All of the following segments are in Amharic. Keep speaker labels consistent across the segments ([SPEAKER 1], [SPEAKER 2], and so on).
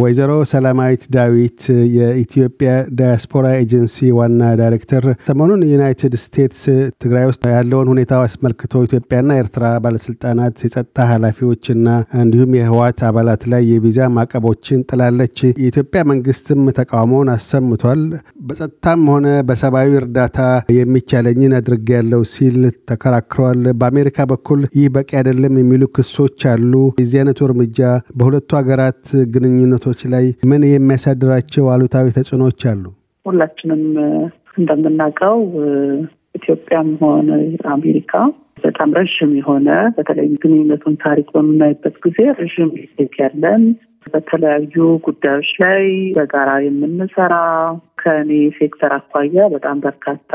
[SPEAKER 1] ወይዘሮ ሰላማዊት ዳዊት የኢትዮጵያ ዳያስፖራ ኤጀንሲ ዋና ዳይሬክተር፣ ሰሞኑን ዩናይትድ ስቴትስ ትግራይ ውስጥ ያለውን ሁኔታ አስመልክቶ ኢትዮጵያና ኤርትራ ባለስልጣናት፣ የጸጥታ ኃላፊዎችና እንዲሁም የህወሓት አባላት ላይ የቪዛ ማዕቀቦችን ጥላለች። የኢትዮጵያ መንግስትም ተቃውሞውን አሰምቷል። በጸጥታም ሆነ በሰብአዊ እርዳታ የሚቻለኝን ያለው ሲል ተከራክረዋል። በአሜሪካ በኩል ይህ በቂ አይደለም የሚሉ ክሶች አሉ። የዚህ አይነቱ እርምጃ በሁለቱ ሀገራት ግንኙነ በእምነቶች ላይ ምን የሚያሳድራቸው አሉታዊ ተጽዕኖዎች አሉ?
[SPEAKER 2] ሁላችንም እንደምናውቀው ኢትዮጵያም ሆነ አሜሪካ በጣም ረዥም የሆነ በተለይ ግንኙነቱን ታሪክ በምናይበት ጊዜ ረዥም ጊዜ ያለን በተለያዩ ጉዳዮች ላይ በጋራ የምንሰራ ከእኔ ሴክተር አኳያ በጣም በርካታ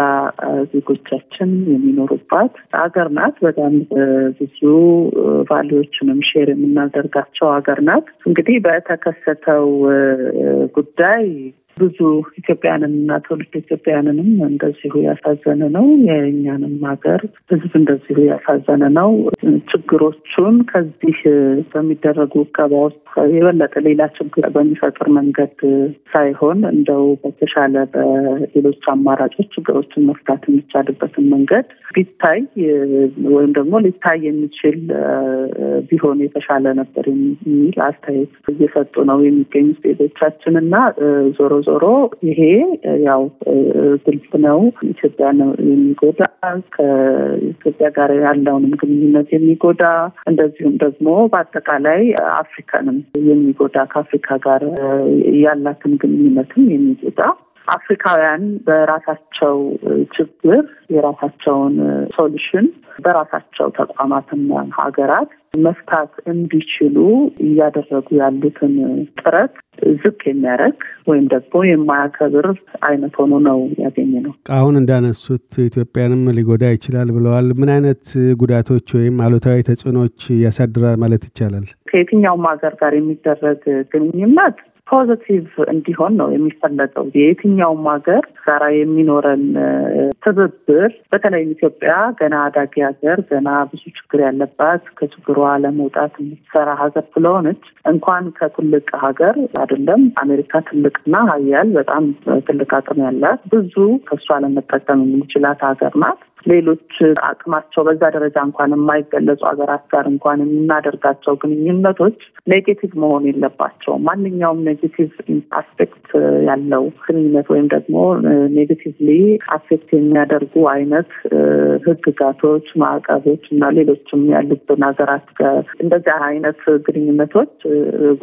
[SPEAKER 2] ዜጎቻችን የሚኖሩባት ሀገር ናት። በጣም ብዙ ቫሌዎችንም ሼር የምናደርጋቸው ሀገር ናት። እንግዲህ በተከሰተው ጉዳይ ብዙ ኢትዮጵያንን እና ትውልድ ኢትዮጵያንንም እንደዚሁ ያሳዘነ ነው። የእኛንም ሀገር ሕዝብ እንደዚሁ ያሳዘነ ነው። ችግሮቹን ከዚህ በሚደረጉ ውስጥ የበለጠ ሌላ ችግር በሚፈጥር መንገድ ሳይሆን እንደው በተሻለ በሌሎች አማራጮች ችግሮችን መፍታት የሚቻልበትን መንገድ ቢታይ ወይም ደግሞ ሊታይ የሚችል ቢሆን የተሻለ ነበር የሚል አስተያየት እየሰጡ ነው የሚገኙ ዜጎቻችን እና ዞሮ ዞሮ ይሄ ያው ግልጽ ነው ኢትዮጵያ የሚጎዳ ከኢትዮጵያ ጋር ያለውንም ግንኙነት የሚጎዳ እንደዚሁም ደግሞ በአጠቃላይ አፍሪካንም የሚጎዳ ከአፍሪካ ጋር ያላትን ግንኙነትም የሚጎዳ አፍሪካውያን በራሳቸው ችግር የራሳቸውን ሶሉሽን በራሳቸው ተቋማትና ሀገራት መፍታት እንዲችሉ እያደረጉ ያሉትን ጥረት ዝቅ የሚያደርግ ወይም ደግሞ የማያከብር አይነት ሆኖ ነው ያገኘ ነው።
[SPEAKER 1] አሁን እንዳነሱት ኢትዮጵያንም ሊጎዳ ይችላል ብለዋል። ምን አይነት ጉዳቶች ወይም አሉታዊ ተጽዕኖች ያሳድራል ማለት ይቻላል?
[SPEAKER 2] ከየትኛውም ሀገር ጋር የሚደረግ ግንኙነት ፖዘቲቭ እንዲሆን ነው የሚፈለገው። የየትኛውም ሀገር ጋራ የሚኖረን ትብብር በተለይም ኢትዮጵያ ገና አዳጊ ሀገር፣ ገና ብዙ ችግር ያለባት ከችግሯ ለመውጣት የምትሰራ ሀገር ስለሆነች እንኳን ከትልቅ ሀገር አይደለም አሜሪካ ትልቅና ሀያል በጣም ትልቅ አቅም ያላት ብዙ ከእሷ ለመጠቀም የምንችላት ሀገር ናት። ሌሎች አቅማቸው በዛ ደረጃ እንኳን የማይገለጹ ሀገራት ጋር እንኳን የምናደርጋቸው ግንኙነቶች ኔጌቲቭ መሆን የለባቸውም። ማንኛውም ኔጌቲቭ አስፔክት ያለው ግንኙነት ወይም ደግሞ ኔጌቲቭሊ አፌክት የሚያደርጉ አይነት ህግጋቶች፣ ማዕቀቦች እና ሌሎችም ያሉብን ሀገራት እንደዚያ አይነት ግንኙነቶች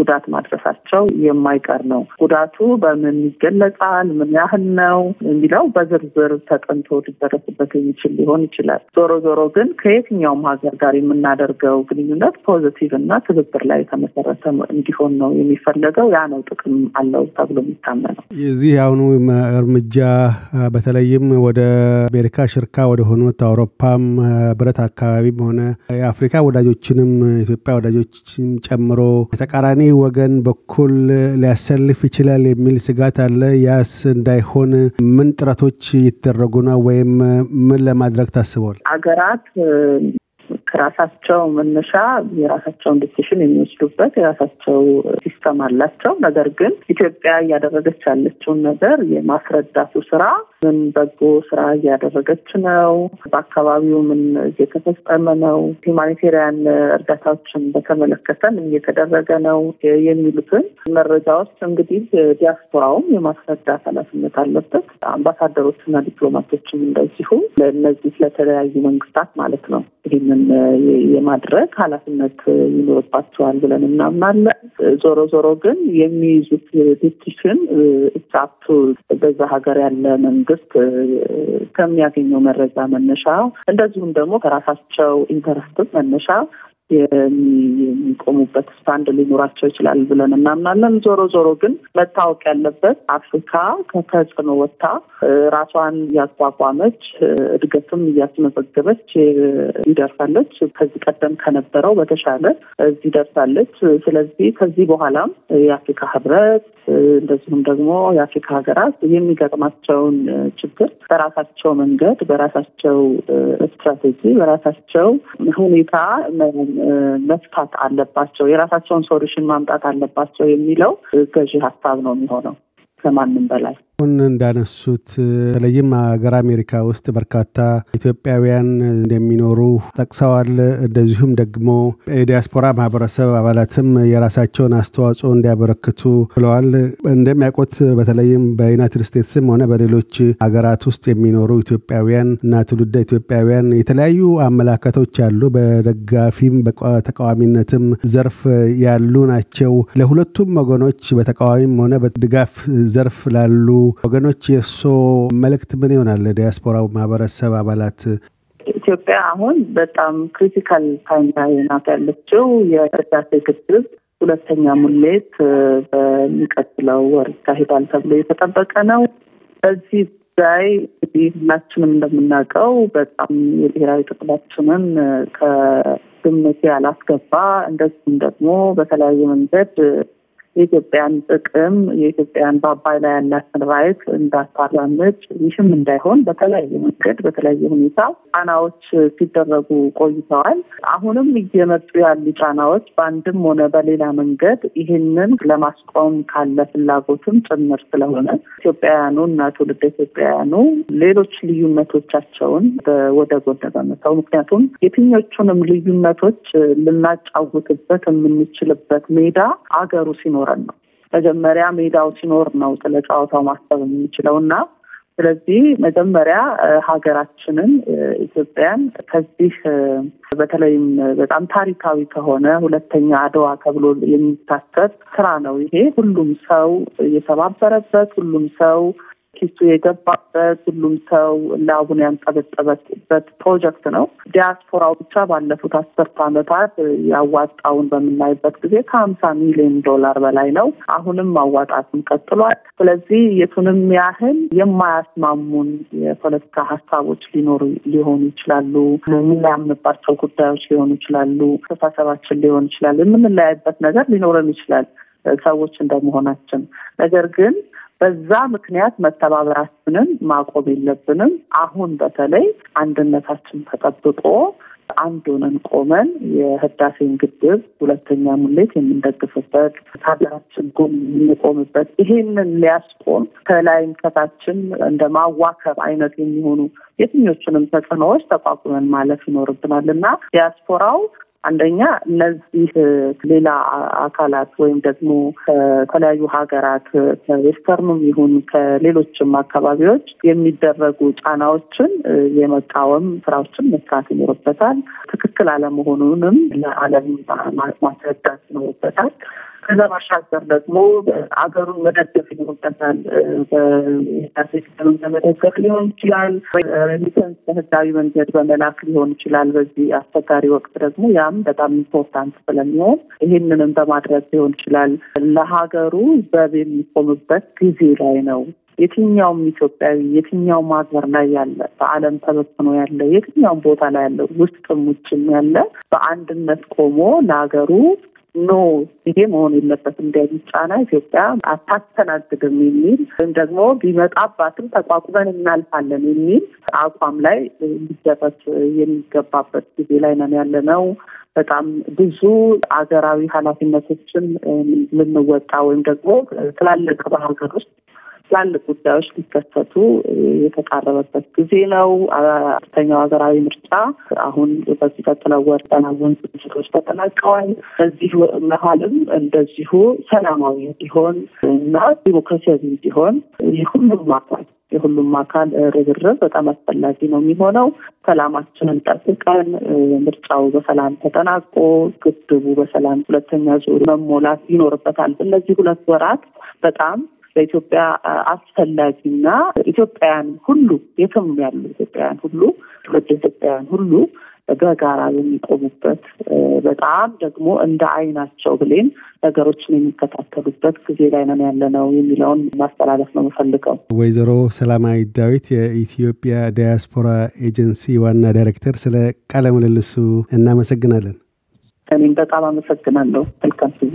[SPEAKER 2] ጉዳት ማድረሳቸው የማይቀር ነው። ጉዳቱ በምን ይገለጻል፣ ምን ያህል ነው የሚለው በዝርዝር ተጠንቶ ሊደረስበት የሚችል የሚችል ሊሆን ይችላል። ዞሮ ዞሮ ግን ከየትኛውም ሀገር ጋር የምናደርገው ግንኙነት ፖዘቲቭ እና ትብብር ላይ የተመሰረተ እንዲሆን ነው የሚፈለገው። ያ ነው ጥቅም አለው ተብሎ የሚታመነው።
[SPEAKER 1] የዚህ አሁኑ እርምጃ በተለይም ወደ አሜሪካ ሽርካ ወደ ሆኑት አውሮፓም ህብረት አካባቢም ሆነ የአፍሪካ ወዳጆችንም ኢትዮጵያ ወዳጆችን ጨምሮ ተቃራኒ ወገን በኩል ሊያሰልፍ ይችላል የሚል ስጋት አለ። ያስ እንዳይሆን ምን ጥረቶች ይደረጉ ነው ወይም ምን ለማድረግ ታስቧል?
[SPEAKER 2] ሀገራት ከራሳቸው መነሻ የራሳቸውን ዲሲሽን የሚወስዱበት የራሳቸው ሲስተም አላቸው። ነገር ግን ኢትዮጵያ እያደረገች ያለችውን ነገር የማስረዳቱ ስራ ምን በጎ ስራ እያደረገች ነው፣ በአካባቢው ምን እየተፈጸመ ነው፣ ሂማኒቴሪያን እርዳታዎችን በተመለከተ ምን እየተደረገ ነው የሚሉትን መረጃዎች እንግዲህ ዲያስፖራውም የማስረዳት ኃላፊነት አለበት። አምባሳደሮችና ዲፕሎማቶችም እንደዚሁ ለእነዚህ ለተለያዩ መንግስታት ማለት ነው ይህንን የማድረግ ኃላፊነት ይኖርባቸዋል ብለን እናምናለን። ዞሮ ዞሮ ግን የሚይዙት ዲቲሽን ኢትስ በዛ ሀገር ያለ መንግስት መንግስት ከሚያገኘው መረጃ መነሻ እንደዚሁም ደግሞ ከራሳቸው ኢንተረስትም መነሻ የሚቆሙበት ስታንድ ሊኖራቸው ይችላል ብለን እናምናለን። ዞሮ ዞሮ ግን መታወቅ ያለበት አፍሪካ ከተጽዕኖ ወጥታ ራሷን እያቋቋመች እድገትም እያስመዘገበች ይደርሳለች። ከዚህ ቀደም ከነበረው በተሻለ እዚህ ደርሳለች። ስለዚህ ከዚህ በኋላም የአፍሪካ ህብረት እንደዚሁም ደግሞ የአፍሪካ ሀገራት የሚገጥማቸውን ችግር በራሳቸው መንገድ፣ በራሳቸው ስትራቴጂ፣ በራሳቸው ሁኔታ መፍታት አለባቸው፣ የራሳቸውን ሶሉሽን ማምጣት አለባቸው የሚለው ገዢ ሀሳብ ነው የሚሆነው ከማንም በላይ
[SPEAKER 1] አሁን እንዳነሱት በተለይም ሀገር አሜሪካ ውስጥ በርካታ ኢትዮጵያውያን እንደሚኖሩ ጠቅሰዋል። እንደዚሁም ደግሞ የዲያስፖራ ማህበረሰብ አባላትም የራሳቸውን አስተዋጽኦ እንዲያበረክቱ ብለዋል። እንደሚያውቁት በተለይም በዩናይትድ ስቴትስም ሆነ በሌሎች ሀገራት ውስጥ የሚኖሩ ኢትዮጵያውያን እና ትውልደ ኢትዮጵያውያን የተለያዩ አመላከቶች አሉ። በደጋፊም በተቃዋሚነትም ዘርፍ ያሉ ናቸው። ለሁለቱም ወገኖች በተቃዋሚም ሆነ በድጋፍ ዘርፍ ላሉ ወገኖች የእሶ መልእክት ምን ይሆናል? ለዲያስፖራ ማህበረሰብ አባላት
[SPEAKER 2] ኢትዮጵያ አሁን በጣም ክሪቲካል ታይም ላይ ናት ያለችው። የእርዳሴ ግድብ ሁለተኛ ሙሌት በሚቀጥለው ወር ይካሄዳል ተብሎ የተጠበቀ ነው። በዚህ ጉዳይ እንግዲህ ሁላችንም እንደምናውቀው በጣም የብሔራዊ ጥቅማችንን ከግምት ያላስገባ እንደዚሁም ደግሞ በተለያየ መንገድ የኢትዮጵያን ጥቅም የኢትዮጵያን በአባይ ላይ ያላትን ራይት እንዳታራምጭ፣ ይህም እንዳይሆን በተለያየ መንገድ በተለያየ ሁኔታ ጫናዎች ሲደረጉ ቆይተዋል። አሁንም እየመጡ ያሉ ጫናዎች በአንድም ሆነ በሌላ መንገድ ይህንን ለማስቆም ካለ ፍላጎትም ጭምር ስለሆነ ኢትዮጵያውያኑ እና ትውልደ ኢትዮጵያውያኑ ሌሎች ልዩነቶቻቸውን ወደ ጎን በመተው ምክንያቱም የትኞቹንም ልዩነቶች ልናጫውትበት የምንችልበት ሜዳ አገሩ ሲኖ ሲኖረን ነው። መጀመሪያ ሜዳው ሲኖር ነው ስለ ጨዋታው ማሰብ የምንችለው እና ስለዚህ መጀመሪያ ሀገራችንን ኢትዮጵያን ከዚህ በተለይም በጣም ታሪካዊ ከሆነ ሁለተኛ አድዋ ተብሎ የሚታሰብ ስራ ነው ይሄ። ሁሉም ሰው እየተባበረበት ሁሉም ሰው ኪሱ የገባበት ሁሉም ሰው ላቡን ያንጠበጠበበት ፕሮጀክት ነው። ዲያስፖራው ብቻ ባለፉት አስርት ዓመታት ያዋጣውን በምናይበት ጊዜ ከሀምሳ ሚሊዮን ዶላር በላይ ነው። አሁንም ማዋጣትም ቀጥሏል። ስለዚህ የቱንም ያህል የማያስማሙን የፖለቲካ ሀሳቦች ሊኖሩ ሊሆኑ ይችላሉ። የምናምንባቸው ጉዳዮች ሊሆኑ ይችላሉ። አስተሳሰባችን ሊሆን ይችላል። የምንለያይበት ነገር ሊኖረን ይችላል ሰዎች እንደመሆናችን ነገር ግን በዛ ምክንያት መተባበራችንን ማቆም የለብንም። አሁን በተለይ አንድነታችን ተጠብቆ አንዱንን ቆመን የህዳሴን ግድብ ሁለተኛ ሙሌት የምንደግፍበት ሀገራችን ጎን የምንቆምበት ይሄንን ሊያስቆም ከላይም ከታችን እንደ ማዋከብ አይነት የሚሆኑ የትኞቹንም ተጽዕኖዎች ተቋቁመን ማለፍ ይኖርብናል እና ዲያስፖራው አንደኛ እነዚህ ሌላ አካላት ወይም ደግሞ ከተለያዩ ሀገራት ከዌስተርኑም ይሁን ከሌሎችም አካባቢዎች የሚደረጉ ጫናዎችን የመቃወም ስራዎችን መስራት ይኖርበታል። ትክክል አለመሆኑንም ለዓለም ማስረዳት ይኖርበታል። ከዛ ባሻገር ደግሞ አገሩን መደገፍ ይኖርበታል። በታሴ ለመደገፍ ሊሆን ይችላል። ሪሚተንስ በህጋዊ መንገድ በመላክ ሊሆን ይችላል። በዚህ አስቸጋሪ ወቅት ደግሞ ያም በጣም ኢምፖርታንት ስለሚሆን ይህንንም በማድረግ ሊሆን ይችላል። ለሀገሩ ዘብ የሚቆምበት ጊዜ ላይ ነው። የትኛውም ኢትዮጵያዊ የትኛውም ሀገር ላይ ያለ በዓለም ተበትኖ ያለ የትኛውም ቦታ ላይ ያለ ውስጥም ውጭም ያለ በአንድነት ቆሞ ለሀገሩ ኖ ይሄ መሆን የለበት እንደዚህ ጫና ኢትዮጵያ አታስተናግድም የሚል ወይም ደግሞ ቢመጣባትም ተቋቁመን እናልፋለን የሚል አቋም ላይ ሊደረስ የሚገባበት ጊዜ ላይ ነን ያለ ነው። በጣም ብዙ አገራዊ ኃላፊነቶችን ልንወጣ ወይም ደግሞ ትላልቅ በሀገር ውስጥ ትላልቅ ጉዳዮች ሊከሰቱ የተቃረበበት ጊዜ ነው። አራተኛው ሀገራዊ ምርጫ አሁን በዚህ ቀጥለው ወር ጠናዘን ዝግጅቶች ተጠናቀዋል። በዚህ መሀልም እንደዚሁ ሰላማዊ እንዲሆን እና ዲሞክራሲያዊ እንዲሆን የሁሉም አካል የሁሉም አካል ርብርብ በጣም አስፈላጊ ነው የሚሆነው። ሰላማችንን ጠብቀን ምርጫው በሰላም ተጠናቆ ግድቡ በሰላም ሁለተኛ ዙር መሞላት ይኖርበታል። እነዚህ ሁለት ወራት በጣም ለኢትዮጵያ አስፈላጊና ኢትዮጵያውያን ሁሉ የትም ያሉ ኢትዮጵያውያን ሁሉ ትውልድ ኢትዮጵያውያን ሁሉ በጋራ የሚቆሙበት በጣም ደግሞ እንደ አይናቸው ብሌን ነገሮችን የሚከታተሉበት ጊዜ ላይ ነን ነው የሚለውን ማስተላለፍ ነው የምፈልገው።
[SPEAKER 1] ወይዘሮ ሰላማዊ ዳዊት የኢትዮጵያ ዲያስፖራ ኤጀንሲ ዋና ዳይሬክተር፣ ስለ ቃለ ምልልሱ እናመሰግናለን።
[SPEAKER 2] እኔም በጣም አመሰግናለሁ። መልካም ጊዜ